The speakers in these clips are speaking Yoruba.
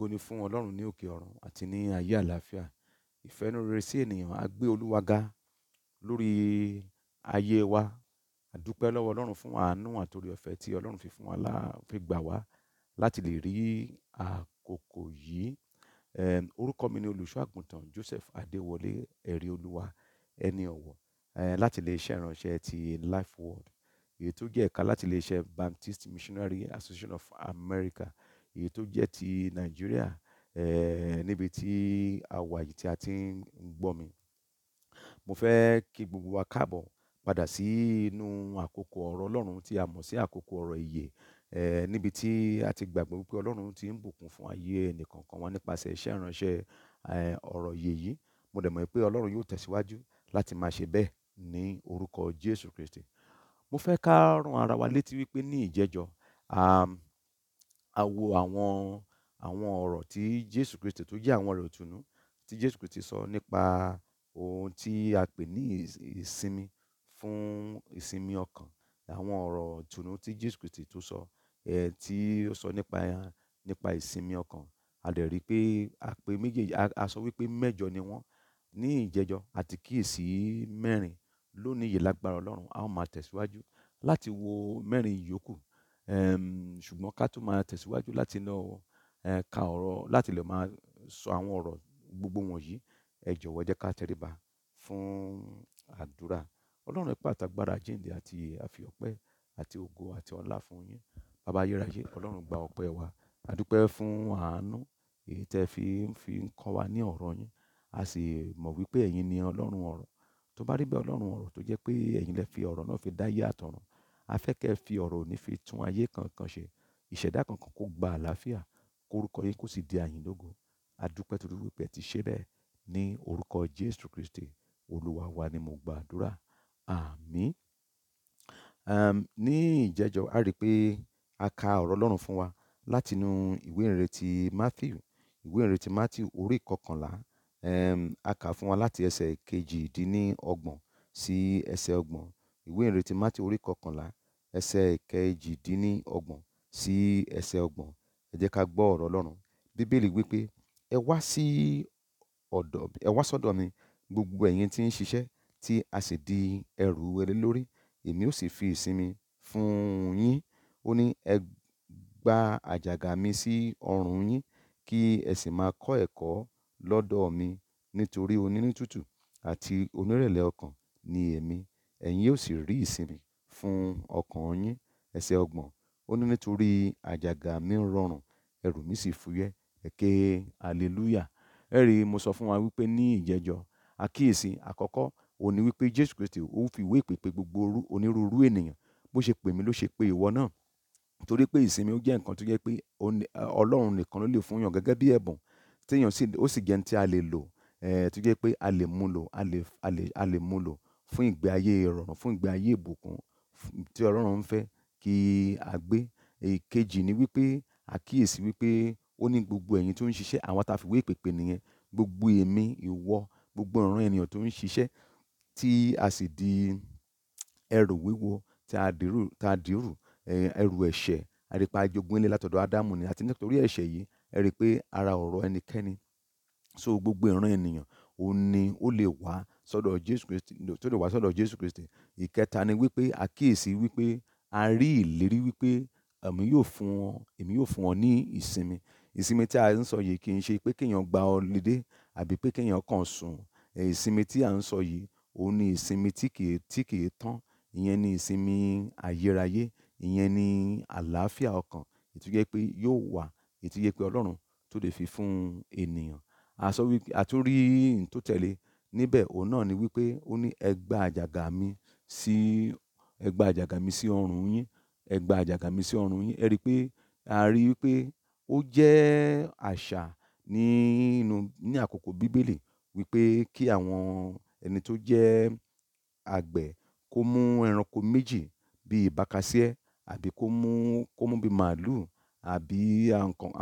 ògo ni fún Ọlọ́run ní òkè ọ̀run àti ní ayé àlàáfíà ìfẹ́nu rere sí ènìyàn á gbé Olúwa ga lórí ayé wa a dúpẹ́ lọ́wọ́ Ọlọ́run fún àánú àtòrí ọ̀fẹ́ tí Ọlọ́run fi fún wa lá fi gbà wá láti lè rí àkókò yìí orúkọ mi ni olùṣọ́ Joseph Adéwọlé ẹ̀rí Olúwa ẹni ọ̀wọ̀ láti lè iṣẹ́ ìránṣẹ́ ti Life Word èyí tó jẹ́ ẹ̀ka láti lè iṣẹ́ Baptist Missionary Association of America èyí tó jẹ́ ti Nàìjíríà um níbi tí a wà yìí tí a ti ń gbọ́ mi. Mo fẹ́ kí gbogbo wa káàbọ̀ padà sí inú àkókò ọ̀rọ̀ Ọlọ́run tí a mọ̀ sí àkókò ọ̀rọ̀ ìyè um níbi tí a ti gbàgbọ́ wípé Ọlọ́run ti ń bùkún fún ayé ẹnì kọ̀ọ̀kan nípasẹ̀ iṣẹ́ ìránṣẹ́ eh, ọ̀rọ̀ ìyè yìí. Mo dẹ̀ mọ̀ pé Ọlọ́run yóò tẹ̀síwájú láti máa ṣe bẹ́ẹ̀ ní orúkọ Jésù Kristi. Mo fẹ́ ká rán ara wa létí wípé ní ìjẹ́jọ́ um a wo àwọn àwọn ọ̀rọ̀ tí Jésù Kristi tó jẹ́ àwọn ọ̀rọ̀ ìtùnú tí Jésù Kristi sọ nípa ohun tí a pè ní ìsinmi fún ìsinmi ọkàn àwọn ọ̀rọ̀ ìtùnú tí Jésù Kristi tó sọ ẹ̀ tí ó sọ nípa nípa ìsinmi ọkàn a dẹ̀ rí i pé a pé méjèèjì a sọ wípé mẹ́jọ ni wọ́n ní ìjẹjọ àti kíyèsí mẹ́rin lónìí yìí lágbára Ọlọ́run a ó máa tẹ̀síwájú láti wo mẹ́rin yòókù ṣùgbọ́n ká tún máa tẹ̀síwájú láti lọ ka ọ̀rọ̀ láti lè máa sọ àwọn ọ̀rọ̀ gbogbo wọ̀nyí ẹ jọ̀wọ́ jẹ́ ká tẹríba fún àdúrà ọlọ́run ipá àtàgbára jíǹde àti àfi ọpẹ́ àti ògo àti ọlá fún yín bàbá ayérayé ọlọ́run gba ọpẹ́ wa àdúpẹ́ fún àánú èyí tẹ́ fi ń fi ń kọ́ wa ní ọ̀rọ̀ yín a sì mọ̀ wípé ẹ̀yin ni ọlọ́run ọ̀rọ̀ tó bá rí bẹ́ẹ̀ ọlọ́run ọ̀rọ̀ tó jẹ́ pé ẹ̀yin lẹ fi ọ̀rọ̀ náà fi dá yé àtọ̀run a fẹ́ kẹ́ fi ọ̀rọ̀ òní fi tún ayé kankan ṣe ìṣẹ̀dá kankan kó gba àlàáfíà kó orúkọ yín kó sì di àyìnlógo a dúpẹ́ torí wípé ti ṣe bẹ́ẹ̀ ní orúkọ Jésù Kristi olúwa wa ni mo gba àdúrà àmín um, ní ìjẹ́jọ́ a rí i pé a ka ọ̀rọ̀ Ọlọ́run fún wa látinú ìwé ìrere Matthew ìwé ìrere Matthew orí kọkànlá um, a kà fún wa láti ẹsẹ̀ kejì dín ní ọgbọ̀n sí ẹsẹ̀ ọgbọ̀n ìwé ìrere Matthew orí kọkànlá ẹsẹ̀ ìkejìdínlọ́gbọ̀n sí ẹsẹ̀ ọgbọ̀n. Ẹ jẹ́ ká gbọ́ ọ̀rọ̀ Ọlọ́run. Bíbélì wípé, "Ẹ wá sí ọ̀dọ̀, ẹ wá sọ́dọ̀ mi, gbogbo ẹ̀yin tí ń ṣiṣẹ́ tí a sì di ẹrù ẹlẹ́ lórí, èmi ó sì fi ìsinmi fún yín." Ó ní, "Ẹ gba àjàgà mi sí ọrùn yín kí ẹ sì máa kọ́ ẹ̀kọ́ lọ́dọ̀ mi nítorí onínútútù àti onírẹ̀lẹ̀ ọkàn ni èmi, ẹ̀yin yóò sì rí ìsinmi." fún ọkàn yín." Ẹsẹ ọgbọ̀n, ó ní, "Nítorí àjàgà mi ń rọrùn, ẹrù mi sì fúyẹ́." Ẹ ké hallelujah. Ẹ rí i, mo sọ fún wa wípé ní ìjẹjọ, àkíyèsí àkọ́kọ́ òun ní wípé Jésù Kristi ó fi ìwé ìpè pe gbogbo onírúurú ènìyàn. Bó ṣe pè mí ló ṣe pé ìwọ náà. Torí pé ìsinmi ó jẹ́ nǹkan tó jẹ́ pé Ọlọ́run nìkan ló lè fún èèyàn gẹ́gẹ́ bí ẹ̀bùn tí èèyàn sì, ó sì jẹ́ ohun tí a lè lò, eh, tó jẹ́ pé a lè mú lò, a lè mú lò fún ìgbé ayé ìrọ̀rùn, fún ìgbé ayé ìbùkún tí Ọlọ́run ń fẹ́ kí a gbé. Èkejì ni wípé a kíyèsi wípé ó ní gbogbo ẹ̀yin tó ń ṣiṣẹ́, àwọn ta fi ìwé ìpèpè nìyẹn, gbogbo èmi, ìwọ, gbogbo ìran ènìyàn tó ń ṣiṣẹ́ tí a sì di ẹrù wíwo tí a dìrù, ẹrù ẹ̀ṣẹ̀. A rí ilé látọ̀dọ̀ Ádámù ni àti nítorí ẹ̀ṣẹ̀ yìí, ẹ rí pé ara ọ̀rọ̀ ẹnikẹ́ni. So gbogbo ìran ènìyàn òun ni ó lè wá sọ́dọ̀ Jésù Kristi tó lè wá sọ́dọ̀ Jésù Kristi ìkẹta ni wípé àkíyèsí wípé a rí ìlérí wípé èmi yóò fún ọ èmi yóò fún ọ ní ìsinmi ìsinmi tí a ń sọ yìí kì í ṣe pé kéèyàn gba ọlidé àbí pé kéèyàn kàn sùn ìsinmi tí a ń sọ yìí òun ni ìsinmi tí kìí tí kìí tán ìyẹn ni ìsinmi ayérayé ìyẹn ni àlàáfíà ọkàn ìtújẹ́ pé yóò wà ìtújẹ́ pé Ọlọ́run tó lè fi fún ènìyàn àsọ wípé àtúrí tó níbẹ̀ òun náà ni wípé ó ní ẹ gba àjàgà mi sí, ẹ gba àjàgà mi sí ọrùn yín, ẹ gba àjàgà mi sí ọrùn yín. Ẹ rí pé a rí wípé ó jẹ́ àṣà nínú, ní àkókò bíbélì wípé kí àwọn ẹni tó jẹ́ àgbẹ̀ kó mú ẹranko méjì bí ìbákasíẹ́ àbí kó mú, kó mú bí màlúù àbí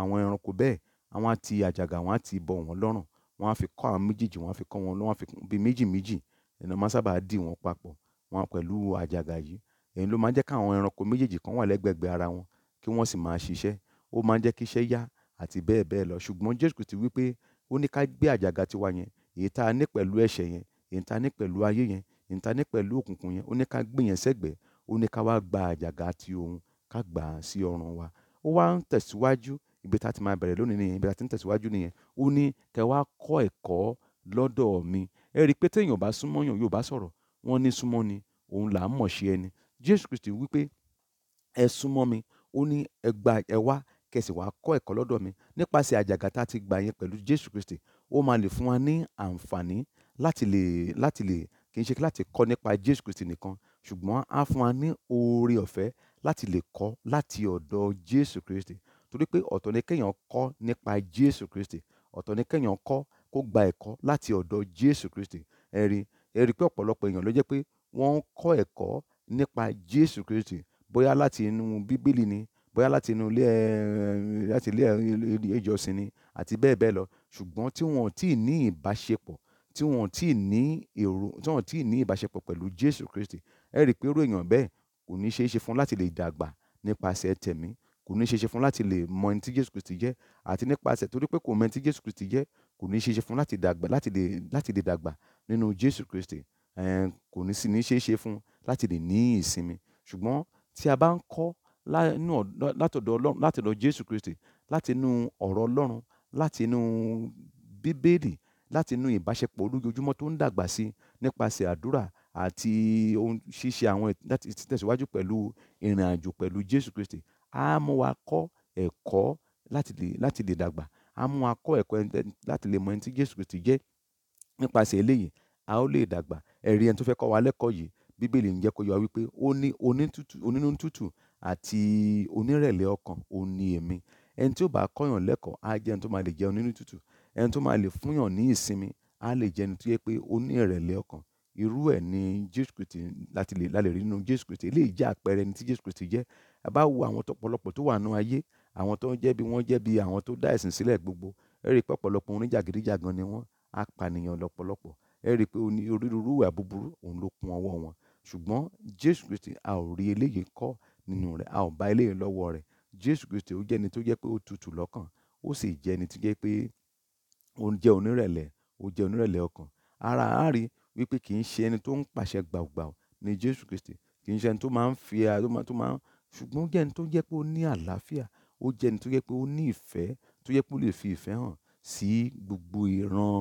àwọn ẹranko bẹ́ẹ̀. Wọ́n á àjàgà, wọ́n á bọ̀ wọ́n lọ́rùn wọ́n á fi kọ́ àwọn méjèèjì, wọ́n á fi kọ́ wọn, wọ́n á fi bí méjì méjì, ni wọ́n máa sábà dì wọ́n papọ̀. Wọn pẹ̀lú àjàgà yìí. Èyí ló máa ń jẹ́ kí àwọn ẹranko méjèèjì kan wà lẹ́gbẹ̀gbẹ́ ara wọn kí wọ́n sì máa ṣiṣẹ́. Ó máa ń jẹ́ kí iṣẹ́ yá àti bẹ́ẹ̀ bẹ́ẹ̀ lọ. Ṣùgbọ́n Jésù Kristi wí pé ó ní ká gbé àjàgà tiwa yẹn, èyí tí a ní pẹ̀lú ẹ̀ṣẹ̀ yẹn, èyí tí a ní pẹ̀lú ayé yẹn, èyí tí a ní pẹ̀lú òkùnkùn yẹn, ó ní ká gbé yẹn Ó ní ká wá gba àjàgà ti òun, ká gbà á sí ọrùn wa. Ó wá ń tẹ̀síwájú ibi tá a ti máa bẹ̀rẹ̀ lónìí nìyẹn ibi tá a ti ń tẹ̀síwájú nìyẹn ó ní kẹ́ wá kọ́ ẹ̀kọ́ lọ́dọ̀ mi ẹ rí i pé téèyàn ò bá súnmọ́ yàn yóò bá sọ̀rọ̀ wọ́n ní súnmọ́ ni òun là á mọ̀ ṣe ẹni Jésù Kristi wípé ẹ súnmọ́ mi ó ní ẹ gba ẹ wá kẹsì wá kọ́ ẹ̀kọ́ lọ́dọ̀ mi nípasẹ̀ àjàgà tá a ti gbà yẹn pẹ̀lú Jésù Kristi ó máa lè fún wa ní àǹfààní láti lè láti lè kì í ṣe láti kọ́ nípa Jésù Kristi nìkan ṣùgbọ́n á fún wa ní oore ọ̀fẹ́ láti lè kọ́ láti ọ̀dọ̀ Jésù Kristi Torí pé ọ̀tọ̀ ni kéèyàn kọ́ nípa Jésù Kristi, ọ̀tọ̀ ni kéèyàn kọ́ kó gba ẹ̀kọ́ láti ọ̀dọ̀ Jésù Kristi. Ẹ rí, ẹ rí pé ọ̀pọ̀lọpọ̀ èèyàn ló jẹ́ pé wọ́n ń kọ́ ẹ̀kọ́ nípa Jésù Kristi bóyá láti inú Bíbélì ni, bóyá láti inú ilé, láti ilé ìjọsìn ni àti bẹ́ẹ̀ bẹ́ẹ̀ lọ. Ṣùgbọ́n tí wọ́n ò tí ì ní ìbáṣepọ̀, tí wọ́n ò tí ì ní èrò, tí wọ́n ò tí ì ní ìbáṣepọ̀ pẹ̀lú Jésù Kristi, ẹ rí pé irú èèyàn bẹ́ẹ̀ kò ní ṣe é ṣe fún un láti lè dàgbà nípasẹ̀ tẹ̀mí kò ní ṣeéṣe fún láti lè mọ ẹni tí Jésù Kristi jẹ́ àti nípasẹ̀ torí pé kò mọ ẹni tí Jésù Kristi jẹ́ kò ní ṣeéṣe fún láti dàgbà láti lè láti lè dàgbà nínú Jésù Kristi kò ní sì ní ṣeéṣe fún láti lè ní ìsinmi ṣùgbọ́n tí a bá ń kọ́ látọ̀dọ̀ Ọlọ́run látọ̀dọ̀ Jésù Kristi láti inú ọ̀rọ̀ Ọlọ́run láti inú Bíbélì láti inú ìbáṣepọ̀ olójoojúmọ́ tó ń dàgbà sí nípasẹ̀ àdúrà àti ohun ṣíṣe àwọn láti tẹ̀síwájú pẹ̀lú ìrìn àjò pẹ̀lú Jésù Kristi á mú wa kọ́ ẹ̀kọ́ láti lè, láti lè dàgbà. Á mú wa kọ́ ẹ̀kọ́ láti lè mọ ẹni tí Jésù Kristi jẹ́. Nípasẹ̀ eléyìí, a ó lè dàgbà. Ẹ̀rí ẹni tó fẹ́ kọ́ wa lẹ́kọ̀ọ́ yìí, Bíbélì ń jẹ́ kó yé wa wípé ó ní onítútù, onínú tútù àti onírẹ̀lẹ̀ ọkàn, òun ni èmi. Ẹni tí ó bá kọ́yàn lẹ́kọ̀ọ́, á jẹ́ ẹni tó máa lè jẹ́ onínú tútù. Ẹni tó máa lè fúnyàn ní ìsinmi, á lè jẹ́ ẹni tó jẹ́ pé ó ní ìrẹ̀lẹ̀ ọkàn. Irú ẹ ni Jésù Kristi, láti lè, rí nínú Jésù Kristi. Eléyìí jẹ́ àpẹẹrẹ ẹni tí Jésù Kristi jẹ́ a bá wo àwọn ọ̀pọ̀lọpọ̀ tó wà nínú ayé àwọn tó ń jẹ́ bí wọ́n jẹ́ bí àwọn tó dá ẹ̀sìn sílẹ̀ gbogbo ẹ rí i pé ọ̀pọ̀lọpọ̀ oníjàgídíjàgan ni wọ́n apànìyàn lọ́pọ̀lọpọ̀ ẹ rí i pé onírúurú ìwà búburú òun ló kún ọwọ́ wọn ṣùgbọ́n Jésù Kristi a ò rí eléyìí kọ́ nínú rẹ̀ a ò bá eléyìí lọ́wọ́ rẹ̀ Jésù Kristi ó jẹ́ ẹni tó jẹ́ pé ó tutù lọ́kàn ó sì jẹ́ ẹni tó jẹ́ pé ó jẹ́ onírẹ̀lẹ̀ ó jẹ́ onírẹ̀lẹ̀ ọkàn ara àárí wípé kì í ṣe ẹni tó ń pàṣẹ gbàùgbàù ni Jésù Kristi kì í ṣe ẹni tó máa ń fi tó máa ṣùgbọ́n ó jẹ́ ẹni tó jẹ́ pé ó ní àlàáfíà, ó jẹ́ ẹni tó jẹ́ pé ó ní ìfẹ́, tó jẹ́ pé ó lè fi ìfẹ́ hàn sí gbogbo ìran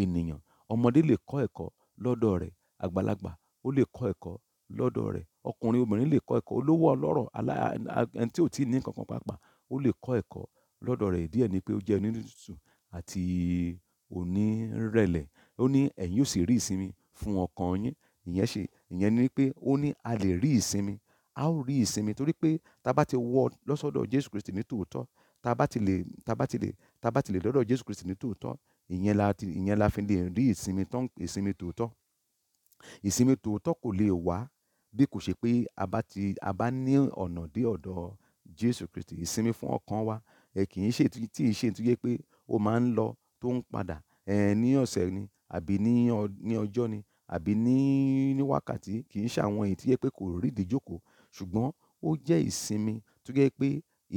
ènìyàn. Ọmọdé lè kọ́ ẹ̀kọ́ lọ́dọ̀ rẹ̀, àgbàlagbà ó lè kọ́ ẹ̀kọ́ lọ́dọ̀ rẹ̀, ọkùnrin obìnrin lè kọ́ ẹ̀kọ́, olówó ọlọ́rọ̀, ẹni tí ò tí ì ní nǹkan pàápàá ó lè kọ́ ẹ̀kọ́ lọ́dọ̀ rẹ̀. Ìdí ni pé ó jẹ́ onítùtù àti onírẹ̀lẹ̀. Ó ní ẹ̀yin ó sì rí ìsinmi fún ọkàn yín. Ìyẹn ṣe, ìyẹn ni pé ó ní a lè rí ìsinmi a ó rí ìsinmi torí pé tá a bá ti wọ lọ́sọ̀dọ̀ Jésù Kristi ní tòótọ́ tá a bá ti lè tá a bá ti lè tá a bá ti lè lọ́dọ̀ Jésù Kristi ní tòótọ́ ìyẹn la ti ìyẹn la fi lè rí ìsinmi tán ìsinmi tòótọ́ ìsinmi tòótọ́ kò lè wá bí kò ṣe pé a bá ti a bá ní ọ̀nà dé ọ̀dọ̀ Jésù Kristi ìsinmi fún ọkàn wa ẹ kì í ṣe tí ì ṣe tó yẹ pé ó máa ń lọ tó ń padà ẹ ní ọ̀sẹ̀ ni àbí ní ọjọ́ ni àbí ní ní wákàtí kì í ṣe àwọn èyí tí yẹ pé kò rí ìdíjókòó ṣùgbọ́n ó jẹ́ ìsinmi tó jẹ́ pé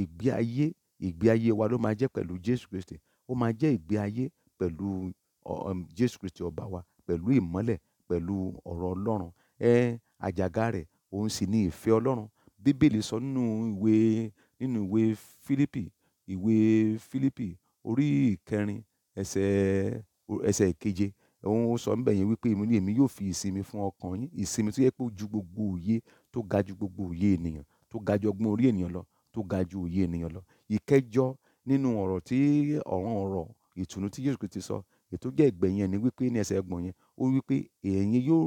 ìgbé ayé ìgbé ayé wa ló máa jẹ́ pẹ̀lú Jésù Kristi ó máa jẹ́ ìgbé ayé pẹ̀lú Jésù Kristi ọba wa pẹ̀lú ìmọ́lẹ̀ pẹ̀lú ọ̀rọ̀ Ọlọ́run ẹ àjàgà rẹ̀ òun sì ni ìfẹ́ Ọlọ́run Bíbélì sọ nínú ìwé nínú ìwé Fílípì ìwé Fílípì orí ìkẹrin ẹsẹ̀ ẹsẹ̀ ìkeje Òun ó sọ níbẹ̀ yẹn wípé èmi ní èmi yóò fi ìsinmi fún ọkàn yín. Ìsinmi tó jẹ́ pé ó ju gbogbo òye, tó ga ju gbogbo òye ènìyàn, tó ga ju ọgbọ́n orí ènìyàn lọ, tó ga ju òye ènìyàn lọ. Ìkẹjọ nínú ọ̀rọ̀ tí ọ̀ràn ọ̀rọ̀ ìtùnú tí Jesu Kristi sọ, èyí tó jẹ́ ìgbẹ̀yìn ẹ ni wípé ní ẹsẹ̀ ọgbọ̀n yẹn, ó wípé ẹ̀yin yóò,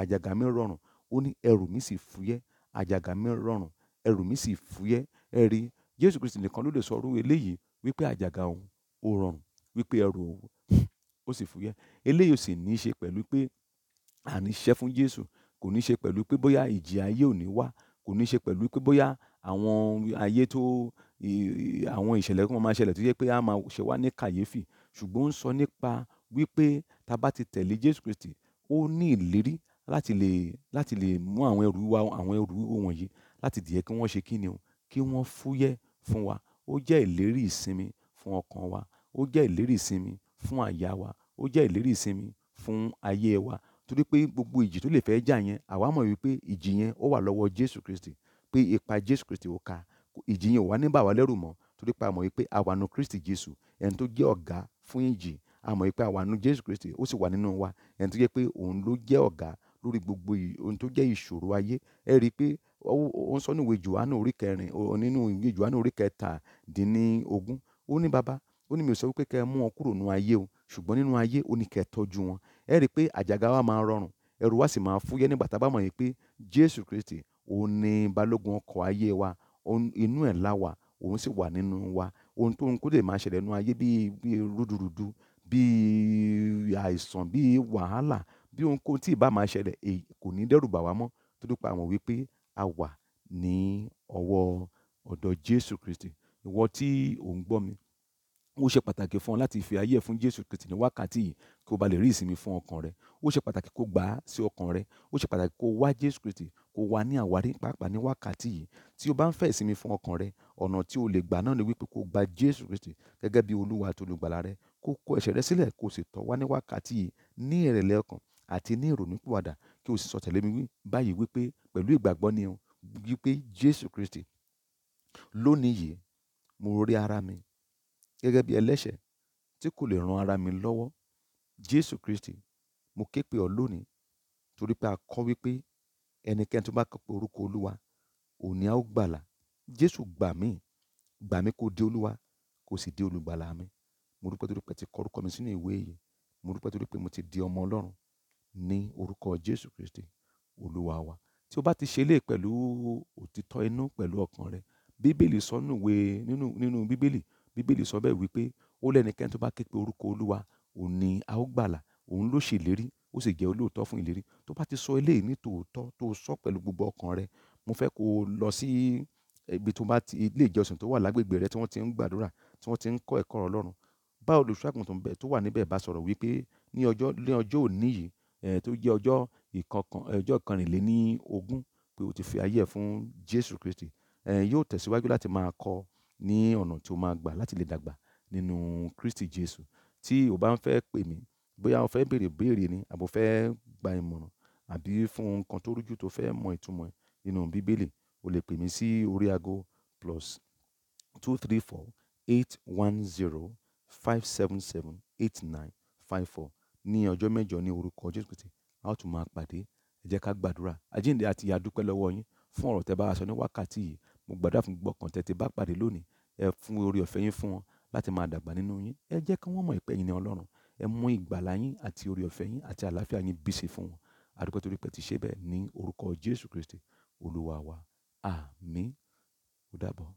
àjàgà mi rọrùn, ó ní ẹrù mi sì fúyẹ́. Àjàgà mi rọrùn, ẹrù mi sì fúyẹ́. Ẹ rí, Jesu Kristi nìkan ló lè sọ iru eléyìí wípé àjàgà òun ó rọrùn, wípé ẹrù òun ó sì fúyẹ́. Eléyìí ò sì ní í ṣe pẹ̀lú pé a ní ṣiṣẹ́ fún Jésù, kò ní ṣe pẹ̀lú pé bóyá ìjì ayé ò ní wá, kò ní ṣe pẹ̀lú pé bóyá àwọn ayé tó, àwọn ìṣẹ̀lẹ̀ kan máa ṣẹlẹ̀ tó jẹ́ pé a máa ṣe wá ní kàyéfì. Ṣùgbọ́n ń sọ nípa wípé tí bá ti tẹ̀lé Jésù Kristi, ó ní ìlérí láti lè, láti lè mú àwọn ẹrù wa, àwọn ẹrù wọ̀nyí láti dìẹ́ kí wọ́n ṣe kíni o, kí wọ́n fúyẹ́ fún wa. Ó jẹ́ ìlérí ìsinmi fún ọkàn wa. Ó jẹ́ ìlérí ìsinmi fún àyà wa, ó jẹ́ ìlérí ìsinmi fún ayé wa. Torí pé gbogbo ìjì tó lè fẹ́ jà yẹn, àwa mọ̀ wípé ìjì yẹn ó wà lọ́wọ́ Jésù Kristi, pé ipa Jésù Kristi ó ka. Ìjì yẹn ò wá ní bà wá lẹ́rù mọ́, torí pé a mọ̀ wípé a wà nínú Kristi Jésù, ẹni tó jẹ́ ọ̀gá fún ìjì. A mọ̀ wípé a Jésù Kristi, ó sì wà nínú wa. Ẹni tó jẹ́ pé òun ló jẹ́ ọ̀gá lórí gbogbo ohun tó jẹ́ ìṣòro ayé. Ẹ rí i pé ó ń sọ nínú ìwé Jòhánù orí kẹrin, nínú ìwé Jòhánù orí kẹtàdínní ogún. Ó ní, "Baba, Ó ní mi ò sọ wípé kí ẹ mú wọn kúrò nínú ayé o, ṣùgbọ́n nínú ayé ó ní kí ẹ tọ́jú wọn. Ẹ rí i pé àjàgà wa máa rọrùn, ẹrù wa sì máa fúyẹ́ nígbà tá a bá mọ̀ wípé Jésù Kristi òun ni balógun ọkọ̀ ayé wa, inú ẹ̀ lá wa, òun sì wà nínú wa. Ohun tó ń kó lè máa ṣẹlẹ̀ nínú ayé bí, bí rúdurùdu, bí àìsàn, bí wàhálà, bí ohunkóhun tí ì bá máa ṣẹlẹ̀, kò ní dẹ́rù bà wá mọ́. Torí pé a mọ̀ wípé a wà ní ọwọ́ ọ̀dọ̀ Jésù Kristi. Ìwọ tí ò gbọ́ mi ó ṣe pàtàkì fún ọ láti fi ayé ẹ fún Jésù Kristi ní wákàtí yìí kí o bá lè rí ìsinmi fún ọkàn rẹ ó ṣe pàtàkì kó gbà á sí ọkàn rẹ ó ṣe pàtàkì kó wá Jésù Kristi kó wá ní àwárí pàápàá ní wákàtí yìí tí o bá ń fẹ́ ìsinmi fún ọkàn rẹ ọ̀nà tí o lè gbà náà ni wípé kó gba Jésù Kristi gẹ́gẹ́ bí Olúwa àti olùgbàlà rẹ kó kó ẹ̀ṣẹ̀ rẹ sílẹ̀ kó o sì tọ̀ wá ní wákàtí yìí ní ìrẹ̀lẹ̀ ọkàn ni o wípé Kristi lónìí yìí mo rí gẹ́gẹ́ bí ẹlẹ́ṣẹ̀ tí kò lè ran ara mi lọ́wọ́. Jésù Kristi, mo ké pe ọ lónìí torí pé a kọ wípé ẹnikẹ́ni tó bá ké pe orúkọ Olúwa, òun ní a ó gbàlà. Jésù gbà mí, gbà mí kó di Olúwa, kó sì di olùgbàlà mi. Mo dúpẹ́ torí pé ẹ ti kọ orúkọ mi sínú ìwé yìí. Mo dúpẹ́ torí pé mo ti di ọmọ Ọlọ́run ní orúkọ Jésù Kristi, Olúwa wa. Tí o bá ti ṣe eléyìí pẹ̀lú òtítọ́ inú pẹ̀lú ọkàn rẹ, Bíbélì sọ nínú Bíbélì Bíbélì sọ bẹ́ẹ̀ wípé ó lẹ́nikẹ́ni tó bá ké pe orúkọ Olúwa, òun ní a ó gbàlà. Òun ló ṣe ìlérí, ó sì jẹ́ olóòótọ́ fún ìlérí. Tó bá ti sọ eléyìí ní tòótọ́ tó sọ pẹ̀lú gbogbo ọkàn rẹ, mo fẹ́ kó lọ sí ibi tó bá ti ilé ìjọsìn tó wà lágbègbè rẹ tí wọ́n ti ń gbàdúrà, tí wọ́n ti ń kọ́ ẹ̀kọ́ Ọlọ́run. Bá olùṣọ́-àgùntàn tó wà níbẹ̀ bá sọ̀rọ̀ wípé ní ọjọ́, ní ọjọ́ òní yìí, tó jẹ́ ọjọ́ ìkọkàn, ọjọ́ ìkànrìnléní ogún pé o ti fi ayé ẹ fún Jésù Kristi. yóò tẹ̀síwájú láti máa kọ́ ní ọ̀nà tí ó máa gbà láti lè dàgbà nínú Kristi Jesu. Tí o bá ń fẹ́ pè mí, bóyá o fẹ́ bèrè ibéèrè ni àbo fẹ́ gba ìmọ̀ràn àbí fún nǹkan tó rújú tó fẹ́ mọ ìtumọ̀ nínú bíbélì, o lè pè mí sí orí ago plus two three four eight one zero five seven seven eight nine five four. Ní ọjọ́ mẹ́jọ ní orúkọ Jésù Kristi, a ó tún máa pàdé. Ẹ jẹ́ ká gbàdúrà. Àjíǹde àti ìyè dúpẹ́ lọ́wọ́ yín fún ọ̀rọ̀ tẹ bá wa ní wákàtí yìí. Mo gbàdúrà fún gbogbo ọkàn tẹ ti bá pàdé lónìí. Ẹ fún oore ọ̀fẹ́ yín fún wọn láti máa dàgbà nínú yín. Ẹ jẹ́ kí wọ́n mọ̀ pé ẹ̀yin ni Ọlọ́run. Ẹ mú ìgbàlà yín àti oore ọ̀fẹ́ yín àti àlàáfíà yín bíṣi fún wọn. A dúpẹ́ torí pé ẹ ti ṣe bẹ́ẹ̀ ní orúkọ Jésù Kristi, Olúwa wa. Àmín. Ó dàbọ̀.